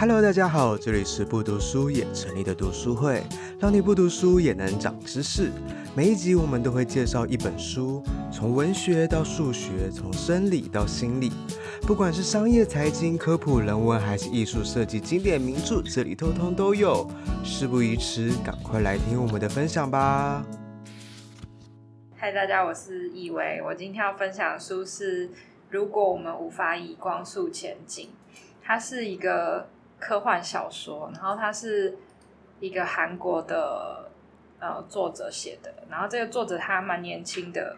Hello，大家好，這裡是不讀書也成立的讀書會，讓你不讀書也能長知識。每一集我們都會介紹一本書，從文學到數學，從生理到心理，不管是商業、財經、科普、人文，還是藝術、設計、經典名著，這裡通通都有。事不宜遲，趕快來聽我們的分享吧。嗨，大家，我是奕偉，我今天要分享的書是《如果我們無法以光速前進》，它是一個，科幻小說，然後他是一個韓國的呃作者寫的，然後這個作者他蠻年輕的，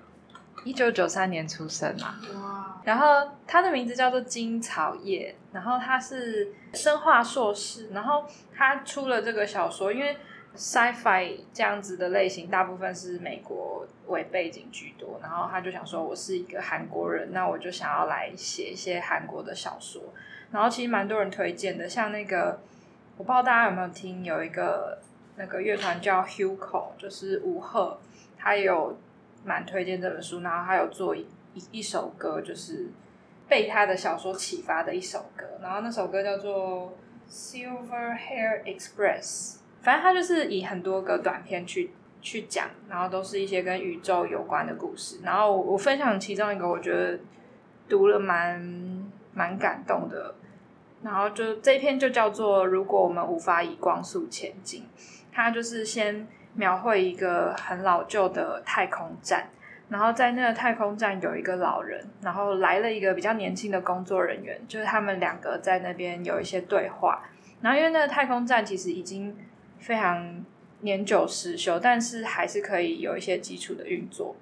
一九九三年出生嘛、啊，然後他的名字叫做金草葉，然後他是生化碩士，然後他出了這個小說，因為 sci-fi 這樣子的類型大部分是美國為背景居多，然後他就想說我是一個韓國人，那我就想要來寫一些韓國的小說。然後其實蠻多人推薦的，像那個我不知道大家有沒有聽，有一個那個樂團叫 Hyukoh 就是吳赫，他也有蠻推薦這本書，然後他有做一一首歌，就是被他的小說啟發的一首歌，然後那首歌叫做 Silver Hair Express，反正他就是以很多個短片去去講，然後都是一些跟宇宙有關的故事，然後我，我分享其中一個，我覺得讀了蠻。蠻感動的，然後就這一篇就叫做《如果我們無法以光速前進》，它就是先描繪一個很老舊的太空站，然後在那個太空站有一個老人，然後來了一個比較年輕的工作人員，就是他們兩個在那邊有一些對話。然後因為那個太空站其實已經非常年久失修，但是還是可以有一些基礎的運作。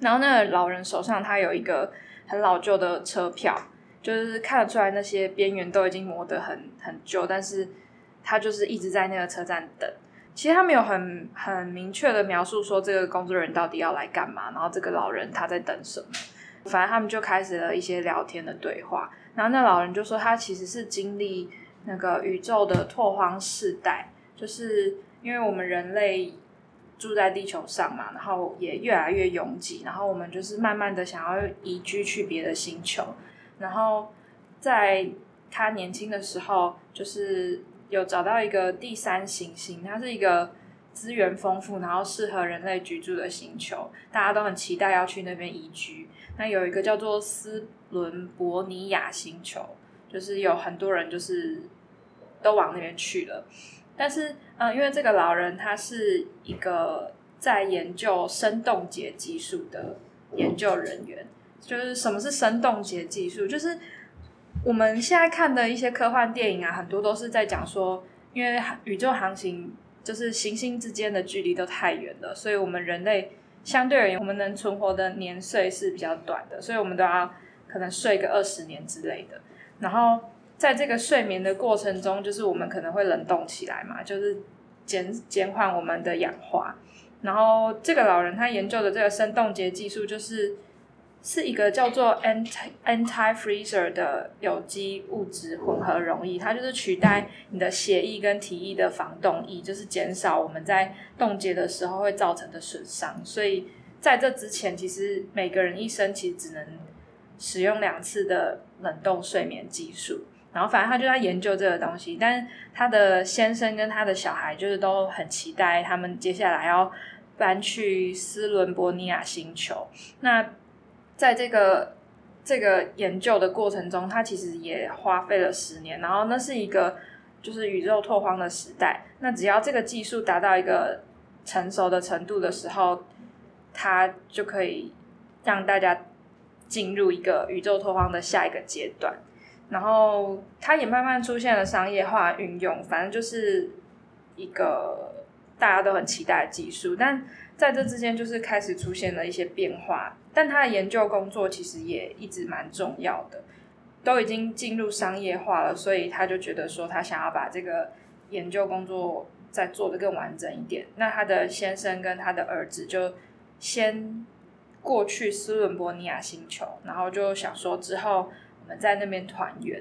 然後那個老人手上他有一個很老舊的車票。就是看得出來，那些邊緣都已經磨得很很舊，但是他就是一直在那個車站等。其實他沒有很很明確的描述說這個工作人員到底要來幹嘛，然後這個老人他在等什麼。反正他們就開始了一些聊天的對話。然後那老人就說，他其實是經歷那個宇宙的拓荒時代，就是因為我們人類住在地球上嘛，然後也越來越擁擠，然後我們就是慢慢的想要移居去別的星球。然後，在他年輕的時候，就是有找到一個第三行星，它是一個資源豐富、然後適合人類居住的星球，大家都很期待要去那邊移居。那有一個叫做斯倫伯尼亞星球，就是有很多人就是都往那邊去了。但是，嗯，因為這個老人他是一個在研究深凍結技術的研究人員。就是什麼是生凍結技術？就是我們現在看的一些科幻電影啊，很多都是在講說，因為宇宙航行就是行星之間的距離都太遠了，所以我們人類相對而言，我們能存活的年歲是比較短的，所以我們都要可能睡個二十年之類的。然後在這個睡眠的過程中，就是我們可能會冷凍起來嘛，就是減減緩我們的氧化。然後這個老人他研究的這個生凍結技術，就是。是一個叫做 anti anti freezer 的有機物質混合溶液，它就是取代你的血液跟體液的防凍液，就是減少我們在凍結的時候會造成的損傷。所以在這之前，其實每個人一生其實只能使用兩次的冷凍睡眠技術。然後，反正他就在研究這個東西，但他的先生跟他的小孩就是都很期待他們接下來要搬去斯倫伯尼亞星球。那在這個這個研究的過程中，它其實也花費了十年。然後那是一個就是宇宙拓荒的時代。那只要這個技術達到一個成熟的程度的時候，它就可以讓大家進入一個宇宙拓荒的下一個階段。然後它也慢慢出現了商業化運用，反正就是一個大家都很期待的技術。但在這之間，就是開始出現了一些變化。但他的研究工作其實也一直蠻重要的，都已經進入商業化了，所以他就覺得說他想要把這個研究工作再做得更完整一點。那他的先生跟他的兒子就先過去斯倫伯尼亞星球，然後就想說之後我們在那邊團圓。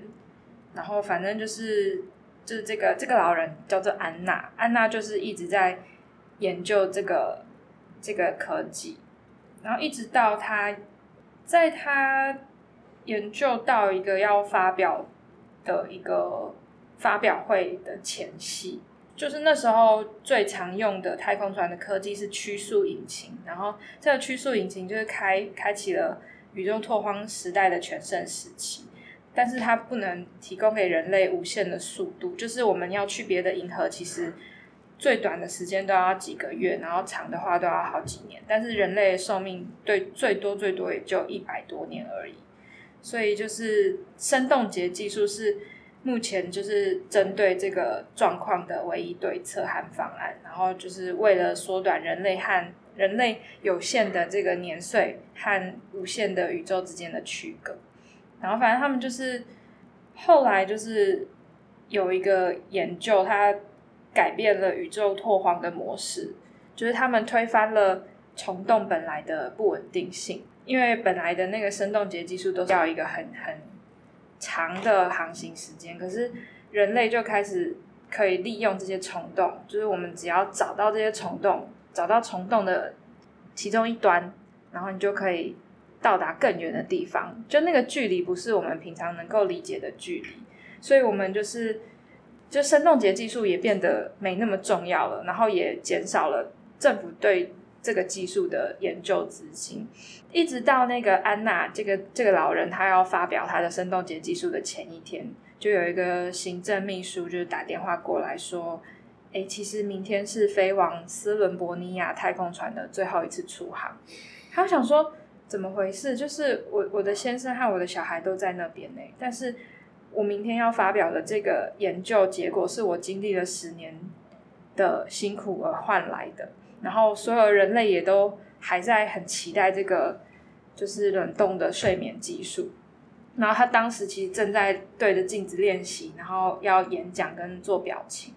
然後反正就是就是這個這個老人叫做安娜，安娜就是一直在研究這個這個科技。然後一直到他，在他研究到一個要發表的一個發表會的前夕，就是那時候最常用的太空船的科技是曲速引擎，然後這個曲速引擎就是開開啟了宇宙拓荒時代的全盛時期，但是它不能提供給人類無限的速度，就是我們要去別的銀河，其實。最短的時間都要幾個月，然後長的話都要好幾年。但是人類壽命對最多最多也就一百多年而已，所以就是深凍結技術是目前就是針對這個狀況的唯一對策和方案。然後就是為了縮短人類和人類有限的這個年歲和無限的宇宙之間的區隔。然後反正他們就是後來就是有一個研究，他。改變了宇宙拓荒的模式，就是他們推翻了蟲洞本來的不穩定性，因為本來的那個生動結技術都是要一個很很長的航行時間，可是人類就開始可以利用這些蟲洞，就是我們只要找到這些蟲洞，找到蟲洞的其中一端，然後你就可以到達更遠的地方，就那個距離不是我們平常能夠理解的距離，所以我們就是。就生動節技術也變得沒那麼重要了，然後也減少了政府對這個技術的研究資金。一直到那個安娜，這個這個老人，他要發表他的生動節技術的前一天，就有一個行政秘書就是打電話過來說：“欸，其實明天是飛往斯倫伯尼亞太空船的最後一次出航。”他想說怎麼回事？就是我我的先生和我的小孩都在那邊呢，但是。我明天要發表的這個研究結果，是我經歷了十年的辛苦而換來的。然後所有人類也都還在很期待這個，就是冷凍的睡眠技術。然後他當時其實正在對着鏡子練習，然後要演講跟做表情。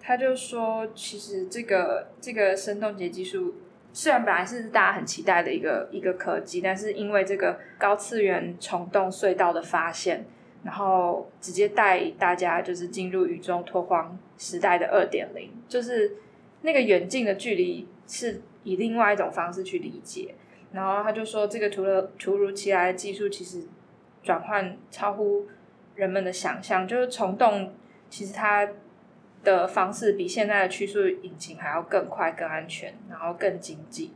他就說：“其實這個這個生凍結技術，雖然本來是大家很期待的一個一個科技，但是因為這個高次元蟲洞隧道的發現。”然後直接帶大家就是進入宇宙拓荒時代的二點零，就是那個遠近的距離是以另外一種方式去理解。然後他就說，這個除了突如其來的技術，其實轉換超乎人們的想象。就是蟲洞，其實它的方式比現在的曲速引擎還要更快、更安全，然後更經濟。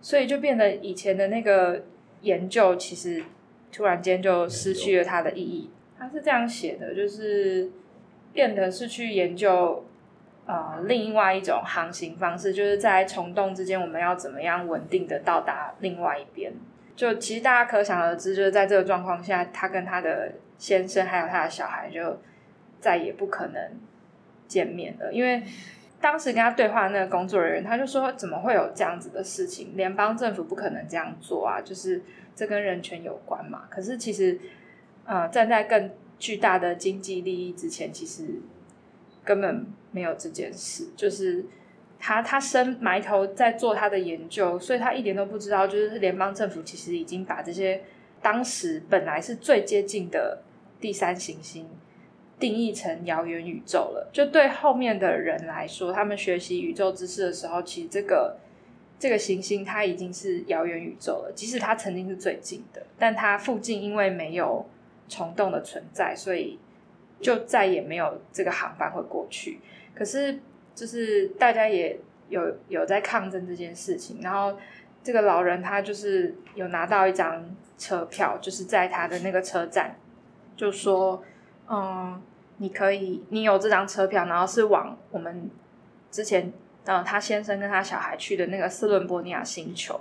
所以就變得以前的那個研究，其實突然間就失去了它的意義。他是這樣寫的，就是變得是去研究，啊、呃，另外一種航行方式，就是在蟲洞之間，我們要怎麼樣穩定的到達另外一邊？就其實大家可想而知，就是在這個狀況下，他跟他的先生還有他的小孩就再也不可能見面了。因為當時跟他對話的那個工作人員，他就說：“怎麼會有這樣子的事情？聯邦政府不可能這樣做啊！就是這跟人權有關嘛。”可是其實。呃，站在更巨大的經濟利益之前，其實根本沒有這件事。就是他，他深埋頭在做他的研究，所以他一點都不知道。就是聯邦政府其實已經把這些當時本來是最接近的第三行星定義成遙遠宇宙了。就對後面的人來說，他們學習宇宙知識的時候，其實這個這個行星它已經是遙遠宇宙了。即使它曾經是最近的，但它附近因為沒有。蟲洞的存在，所以就再也沒有這個航班會過去。可是，就是大家也有有在抗爭這件事情。然後，這個老人他就是有拿到一張車票，就是在他的那個車站就說：“嗯，你可以，你有這張車票，然後是往我們之前呃，他先生跟他小孩去的那個斯倫伯尼亞星球，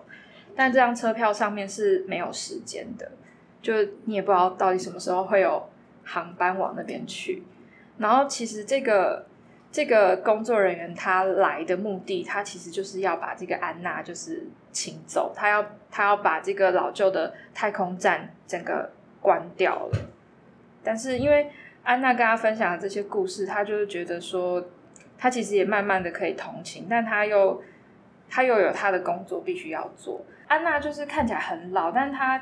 但這張車票上面是沒有時間的。”就你也不知道到底什麼時候會有航班往那邊去，然後其實這個這個工作人員他來的目的，他其實就是要把這個安娜就是請走，他要他要把這個老舊的太空站整個關掉了。但是因為安娜跟他分享的這些故事，他就是覺得說，他其實也慢慢的可以同情，但他又他又有他的工作必須要做。安娜就是看起來很老，但他。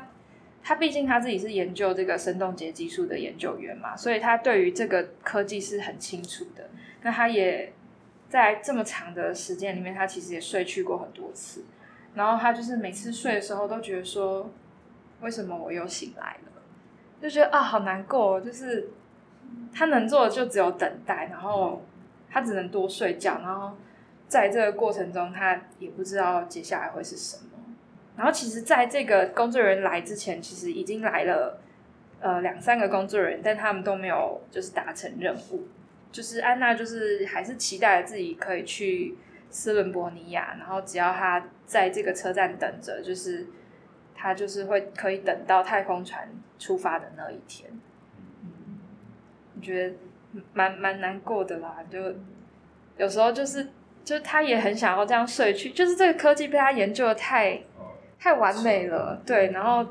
他畢竟他自己是研究這個深凍結技術的研究員嘛，所以他對於這個科技是很清楚的。那他也在這麼長的時間裡面，他其實也睡去過很多次。然後他就是每次睡的時候都覺得說，為什麼我又醒來了？就覺得啊，好難過。就是他能做的就只有等待，然後他只能多睡覺。然後在這個過程中，他也不知道接下來會是什麼。然後其實，在這個工作人員來之前，其實已經來了呃兩三個工作人員，但他們都沒有就是達成任務。就是安娜就是還是期待了自己可以去斯倫博尼亞，然後只要他在這個車站等着，就是他就是會可以等到太空船出發的那一天。嗯，我覺得蠻蠻難過的啦，就有時候就是就是他也很想要這樣睡去，就是這個科技被他研究的太。太完美了，對。然後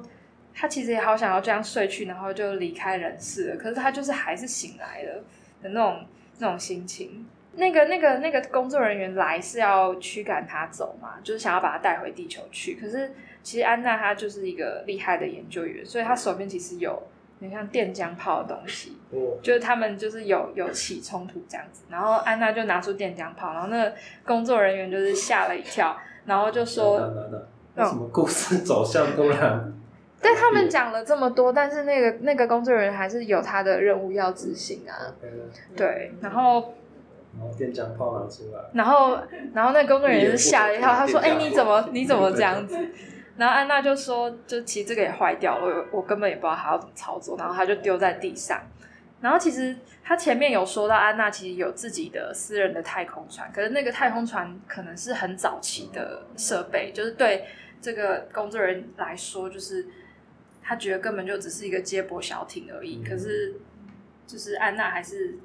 他其實也好想要這樣睡去，然後就離開人世了。可是他就是還是醒來了的那種那種心情。那個那個那個工作人員來是要驅趕他走嘛，就是想要把他帶回地球去。可是其實安娜她就是一個厲害的研究員，所以她手邊其實有很像電漿炮的東西。哦。就是他們就是有有起衝突這樣子，然後安娜就拿出電漿炮，然後那個工作人員就是嚇了一跳，然後就說。嗯嗯嗯嗯嗯、什麼故事走向都然， 但他們講了這麼多，但是那個那個工作人員還是有他的任務要執行啊、嗯。對，然後，嗯、然後電漿炮拿出來，然後然後那個工作人員就嚇了一跳，他說：“哎、欸欸，你怎麼 你怎麼這樣子？”然後安娜就說：“就其實這個也壞掉了，我我根本也不知道還要怎麼操作。”然後他就丟在地上。然後其實他前面有說到安娜其實有自己的私人的太空船，可是那個太空船可能是很早期的設備、嗯，就是對。這個工作人員來說，就是他覺得根本就只是一個接駁小艇而已。嗯、可是，就是安娜還是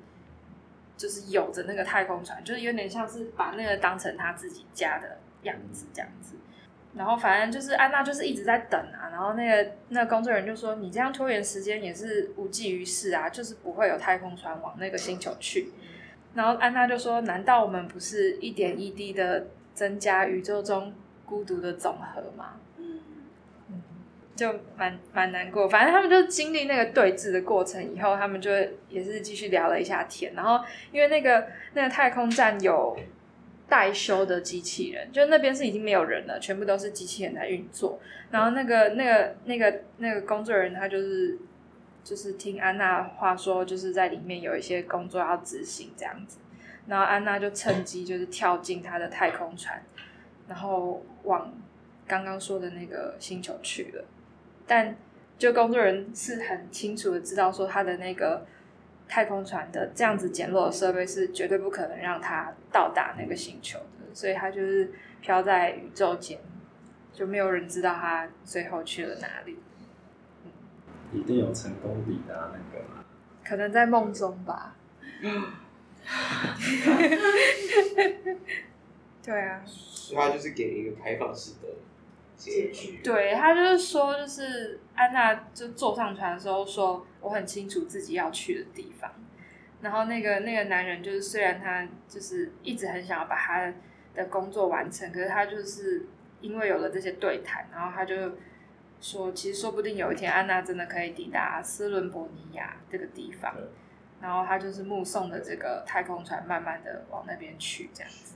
就是有着那個太空船，就是有點像是把那個當成他自己家的樣子這樣子。嗯、然後，反正就是安娜就是一直在等啊。然後那個那個工作人員就說：“你這樣拖延時間也是無濟於事啊，就是不會有太空船往那個星球去。”嗯，然後安娜就說：“難道我們不是一點一滴的增加宇宙中？”孤獨的總和嘛，嗯，就蠻蠻難過。反正他們就是經歷那個對峙的過程以後，他們就也是繼續聊了一下天。然後因為那個那個太空站有待修的機器人，就那邊是已經沒有人了，全部都是機器人在運作。然後那個那個那個那個工作人員，他就是就是聽安娜的話說，就是在裡面有一些工作要執行這樣子。然後安娜就趁機就是跳進他的太空船。然後往剛剛說的那個星球去了，但就工作人是很清楚的知道說，他的那個太空船的這樣子簡陋的設備是絕對不可能讓他到達那個星球的，所以他就是飄在宇宙間，就沒有人知道他最後去了哪裡。嗯，一定有成功抵達那個嗎？可能在夢中吧。 天哪 對啊，所以他就是給一個開放式的結局。對，他就是說，就是安娜就坐上船的時候說，我很清楚自己要去的地方。然後那個那個男人就是，雖然他就是一直很想要把他的工作完成，可是他就是因為有了這些對談，然後他就說，其實說不定有一天安娜真的可以抵達斯倫伯尼亞這個地方。嗯，然後他就是目送著這個太空船慢慢的往那邊去，這樣子。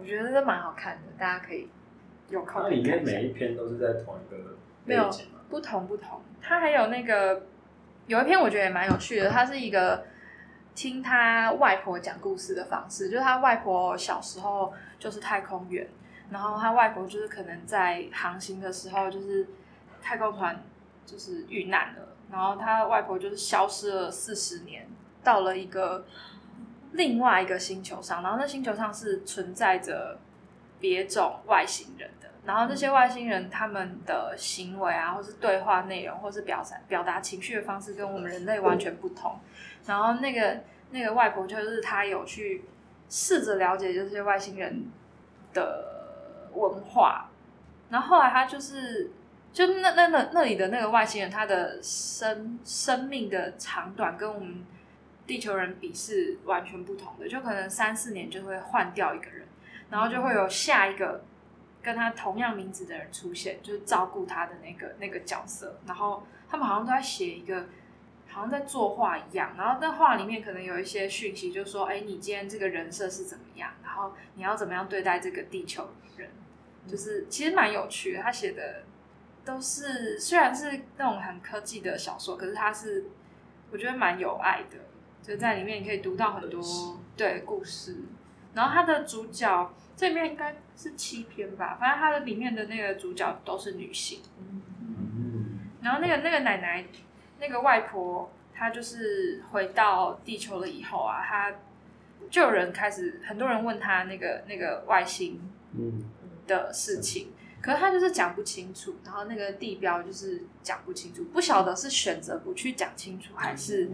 我覺得都蠻好看的，大家可以有空可以看。那裡面每一篇都是在同一個。沒有，不同，不同。它還有那個有一篇我覺得也蠻有趣的，它是一個聽他外婆講故事的方式，就是他外婆小時候就是太空員，然後他外婆就是可能在航行的時候就是太空船就是遇難了，然後他外婆就是消失了四十年，到了一個。另外一個星球上，然後那星球上是存在着別種外星人的，然後那些外星人他們的行為啊，或是對話內容，或是表表達情緒的方式，跟我們人類完全不同。嗯、然後那個那個外婆就是她有去試着了解這些外星人的文化，然後後來他就是就那那那那裡的那個外星人，他的生生命的長短跟我們。地球人比是完全不同的，就可能三四年就會換掉一個人，然後就會有下一個跟他同樣名字的人出現，就是照顧他的那個那個角色。然後他們好像都在寫一個，好像在作畫一樣。然後那畫裡面可能有一些訊息，就說：“哎、欸，你今天這個人設是怎麼樣？然後你要怎麼樣對待這個地球人？”就是其實蠻有趣的，他寫的都是雖然是那種很科技的小說，可是他是我覺得蠻有愛的。就在裡面你可以讀到很多對故事，然後它的主角這裡面應該是七篇吧，反正它的裡面的那個主角都是女性。嗯，然後那個那個奶奶、那個外婆，她就是回到地球了以後啊，她就有人開始很多人問她那個那個外星的事情。可是他就是講不清楚，然後那個地標就是講不清楚，不曉得是選擇不去講清楚，還是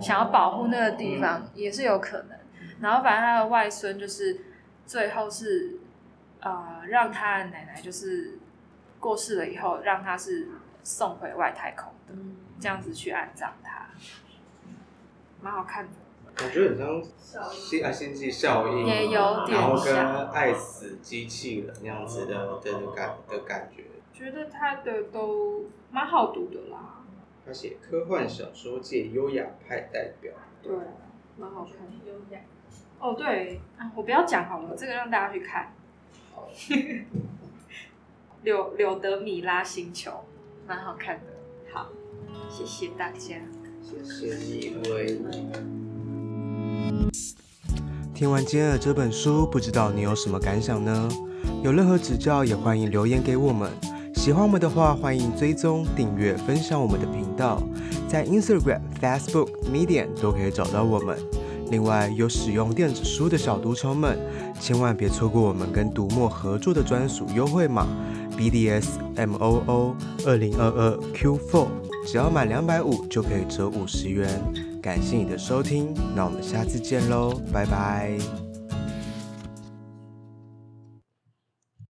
想要保護那個地方也是有可能。然後反正他的外孫就是最後是，呃，讓他奶奶就是過世了以後，讓他是送回外太空的，這樣子去安葬他，蠻好看的。感覺很像星、啊《星啊星際效應》也有點像，然後跟《愛死機器人》那樣子的的感、嗯、的感覺。覺得他的都蠻好讀的啦。他寫科幻小說界優雅派代表。對，蠻好看，優雅。哦，對啊，我不要講好了，這個讓大家去看。好。 《柳柳德米拉星球》蠻好看的。好，謝謝大家。謝謝你，以為聽完今天的這本書，不知道你有什麼感想呢？有任何指教也歡迎留言給我們。喜歡我們的話，歡迎追蹤、訂閱、分享我們的頻道，在 Instagram、Facebook、Medium 都可以找到我們。另外，有使用電子書的小讀者們，千萬別錯過我們跟讀墨合作的專屬優惠碼 BDSMOO2022Q4，只要滿兩百五就可以折五十元。感謝你的收聽，那我們下次見嘍，拜拜。